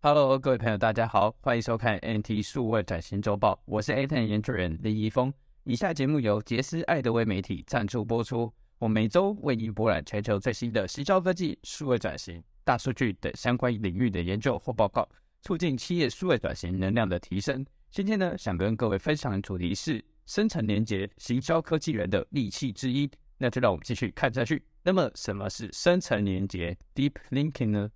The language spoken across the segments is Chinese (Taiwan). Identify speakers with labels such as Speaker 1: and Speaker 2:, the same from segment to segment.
Speaker 1: Hello，各位朋友，大家好，歡迎收看 NT 數位轉型週報，我是 ATN 研究人李怡峰。以下節目由傑斯艾德威媒體贊助播出。我每周為您播覽全球最新的行銷科技、數位轉型、大數據等相關領域的研究或報告，促進企業數位轉型能量的提升。今天呢，想跟各位分享的主題是深層連結，行銷科技人的利器之一。那就讓我們繼續看下去。那麼什麼是深層連結 （Deep Linking） 呢？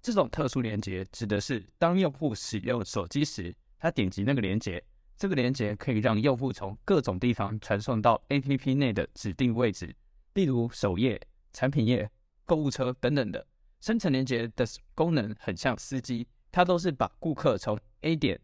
Speaker 1: 這種特殊連結指的是當用戶使用手機時，他點擊那個連結，這個連結可以讓用戶從各種地方傳送到 APP 內的指定位置，例如首頁、產品頁、購物車等等的。深層連結的功能很像司機，它都是把顧客從 A 點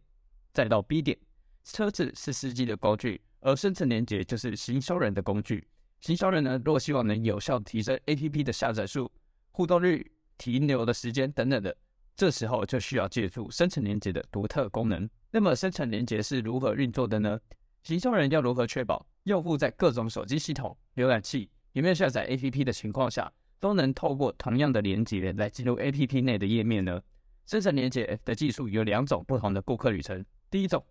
Speaker 1: 載到 B 點。車子是司機的工具，而深層連結就是行銷人的工具。行銷人呢，若希望能有效提升 APP 的下載數、互動率、停留的時間等等的，這時候就需要借助深層連結的獨特功能。那麼，深層連結是如何運作的呢？行銷人要如何確保用戶在各種手機系統、瀏覽器有沒有下載 APP 的情況下，都能透過同樣的連接來進入 APP 內的頁面呢？深層連結的技術有兩種不同的顧客旅程。第一種，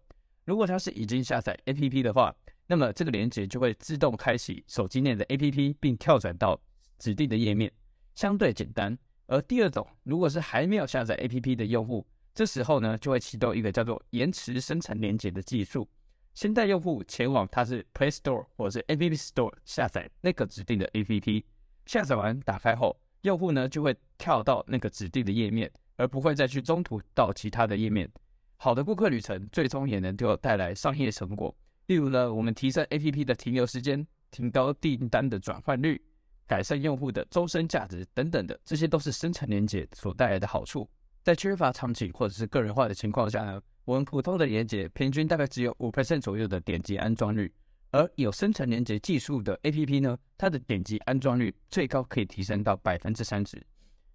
Speaker 1: 如果他是已經下載 APP 的話。那麼這個鏈接就會自動開啟手機內的 APP，並跳轉到指定的頁面，相對簡單。而第二種，如果是還沒有下載 APP 的用戶，這時候呢就會啟動一個叫做延遲生成鏈接的技術，先帶用戶前往它是 Play Store 或者 App Store 下載那個指定的 APP，下載完打開後，用戶呢就會跳到那個指定的頁面，而不會再去中途到其他的頁面。好的顧客旅程，最終也能給我帶來商業成果。例如呢，我們提升 APP 的停留時間，提高訂單的轉換率，改善用戶的終身價值等等的，這些都是深層連結所帶來的好處。在缺乏場景或者是個人化的情況下呢，我們普通的連接平均大概只有五 percent 左右的點擊安裝率，而有深層連結技術的 APP 呢，它的點擊安裝率最高可以提升到百分之三十。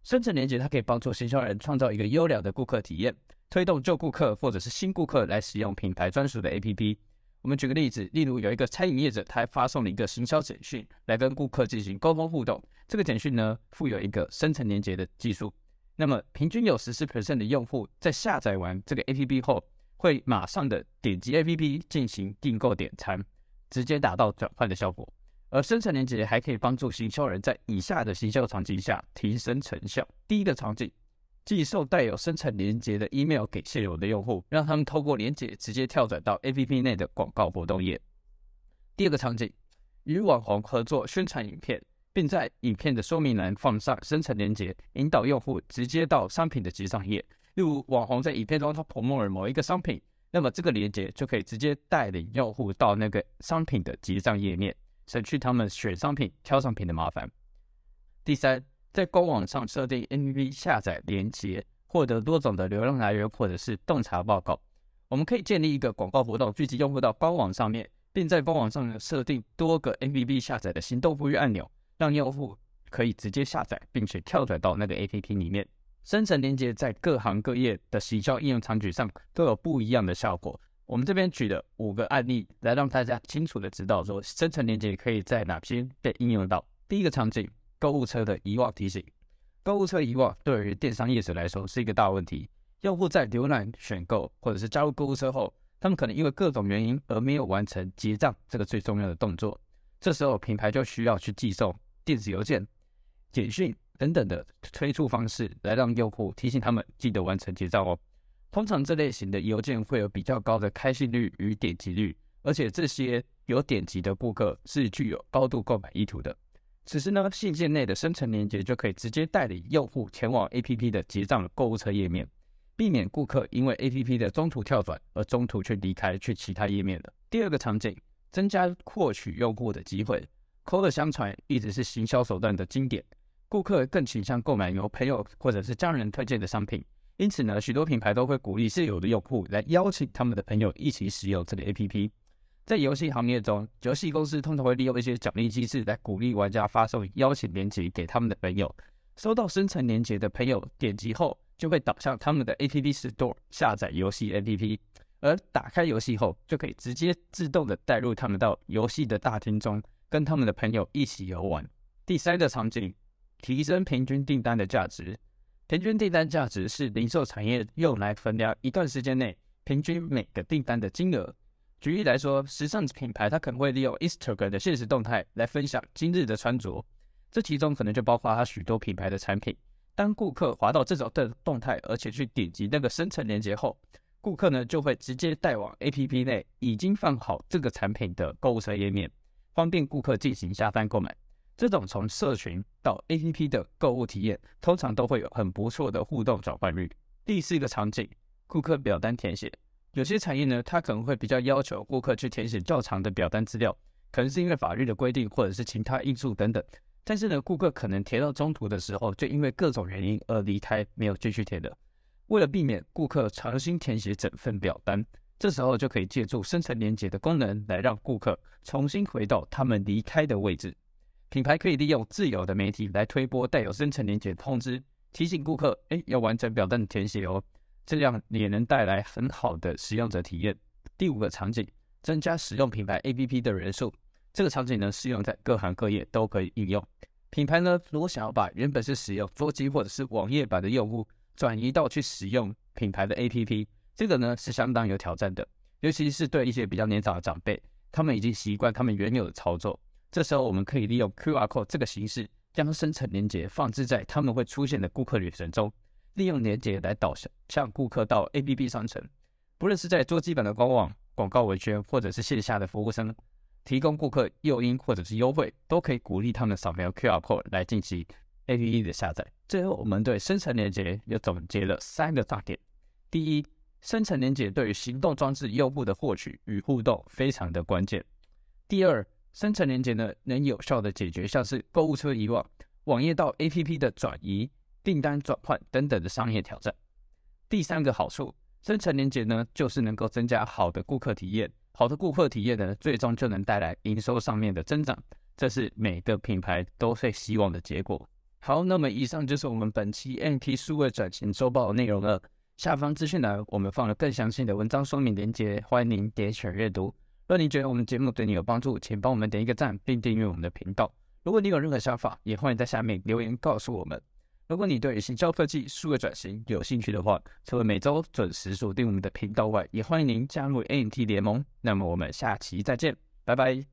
Speaker 1: 深層連結它可以幫助行銷人創造一個優良的顧客體驗，推動舊顧客或者是新顧客來使用品牌專屬的 APP。我們舉個例子，例如有一個餐飲業者，他還發送了一個行銷簡訊來跟顧客進行溝通互動。這個簡訊呢，附有一個深層連結的技術。那麼，平均有十四 percent 的用戶在下載完這個 A P P 後，會馬上的點擊 A P P 進行訂購點餐，直接達到轉換的效果。而深層連結還可以幫助行銷人在以下的行銷場景下提升成效。第一個場景。寄送帶有生成鏈接的 email 給現有的用戶，讓他們透過鏈接直接跳轉到 APP 內的廣告活動頁。第二個場景，與網紅合作宣傳影片，並在影片的說明欄放上生成鏈接，引導用戶直接到商品的結帳頁。例如，網紅在影片中他 promote 了某一個商品，那麼這個鏈接就可以直接帶領用戶到那個商品的結帳頁面，省去他們選商品、挑商品的麻煩。第三，在官網上設定 M V p 下載連接，獲得多種的流量來源或者是洞察報告。我們可以建立一個廣告活動，聚集用戶到官網上面，並在官網上設定多個 M V p 下載的行動呼籲按鈕，讓用戶可以直接下載，並且跳轉到那個 A P P 裡面。深層連結在各行各業的行銷應用場景上都有不一樣的效果。我們這邊舉了五個案例，來讓大家清楚的知道說，深層連結可以在哪些被應用到。第一個場景。購物車的遺忘提醒，購物車遺忘對於電商業者來說是一個大問題。用戶在瀏覽、選購或者是加入購物車後，他們可能因為各種原因而沒有完成結賬這個最重要的動作。這時候，品牌就需要去寄送電子郵件、簡訊等等的催促方式，來讓用戶提醒他們記得完成結賬哦。通常，這類型的郵件會有比較高的開信率與點擊率，而且這些有點擊的顧客是具有高度購買意圖的。此時呢，信件內的深層鏈接就可以直接帶領用戶前往 APP 的結賬購物車頁面，避免顧客因為 APP 的中途跳轉而中途卻離開去其他頁面了。第二個場景，增加獲取用戶的機會，口耳相傳一直是行銷手段的經典，顧客更傾向購買由朋友或者是家人推薦的商品，因此呢，許多品牌都會鼓勵現有的用戶來邀請他們的朋友一起使用這個 APP。在遊戲行業中，遊戲公司通常會利用一些獎勵機制，來鼓勵玩家發送邀請鏈接給他們的朋友。收到深層連結的朋友點擊後，就會導向他們的 APP Store 下載遊戲 APP，而打開遊戲後，就可以直接自動的帶入他們到遊戲的大廳中，跟他們的朋友一起遊玩。第三個場景，提升平均訂單的價值。平均訂單價值是零售產業用來衡量一段時間內平均每個訂單的金額。舉例來說，時尚品牌它可能會利用 Instagram 的限時動態來分享今日的穿着，這其中可能就包括它許多品牌的產品。當顧客滑到這種的動態，而且去點擊那個深層連結後，顧客呢就會直接帶往 APP 內已經放好這個產品的購物車頁面，方便顧客進行下單購買。這種從社群到 APP 的購物體驗，通常都會有很不錯的互動轉換率。第四個場景，顧客表單填寫。有些產業呢，它可能會比較要求顧客去填寫較長的表單資料，可能是因為法律的規定，或者是其他因素等等。但是呢，顧客可能填到中途的時候，就因為各種原因而離開，沒有繼續填的。為了避免顧客重新填寫整份表單，這時候就可以借助深層連結的功能來讓顧客重新回到他們離開的位置。品牌可以利用自有的媒體來推播帶有深層連結的通知，提醒顧客：哎，要完成表單的填寫哦。這樣也能帶來很好的使用者體驗。第五個場景，增加使用品牌 APP 的人數，這個場景呢適用在各行各業都可以應用。品牌呢，如果想要把原本是使用手機或者是網頁版的用戶轉移到去使用品牌的 APP，這個呢是相當有挑戰的，尤其是對一些比較年長的長輩，他們已經習慣他們原有的操作。這時候我們可以利用 QR code 這個形式，將深層連結放置在他們會出現的顧客旅程中。利用鏈接來導向向顧客到 A P P 商城，不論是在桌機版的官網廣告、維權或者是線下的服務生提供顧客誘因或者是優惠，都可以鼓勵他們掃描 Q R Code 來進行 A P P 的下載。最後，我們對深層連結又總結了三個大點：第一，深層連結對於行動裝置用戶的獲取與互動非常的關鍵；第二，深層連結呢能有效的解決像是購物車遺忘、網頁到 A P P 的轉移。訂單轉換等等的商業挑戰。第三個好處，深層連結呢，就是能夠增加好的顧客體驗。好的顧客體驗呢，最終就能帶來營收上面的增長。這是每個品牌都會希望的結果。好，那麼以上就是我們本期 NT 數位轉型周報的內容了。下方資訊呢，我們放了更詳細的文章說明連結，歡迎您點選閱讀。若您覺得我們節目對你有幫助，請幫我們點一個讚，並訂閱我們的頻道。如果你有任何想法，也歡迎在下面留言告訴我們。如果你對行銷科技、數位轉型有興趣的話，除了每周準時鎖定我們的頻道外，也歡迎您加入 NT 聯盟。那麼，我們下期再見，拜拜。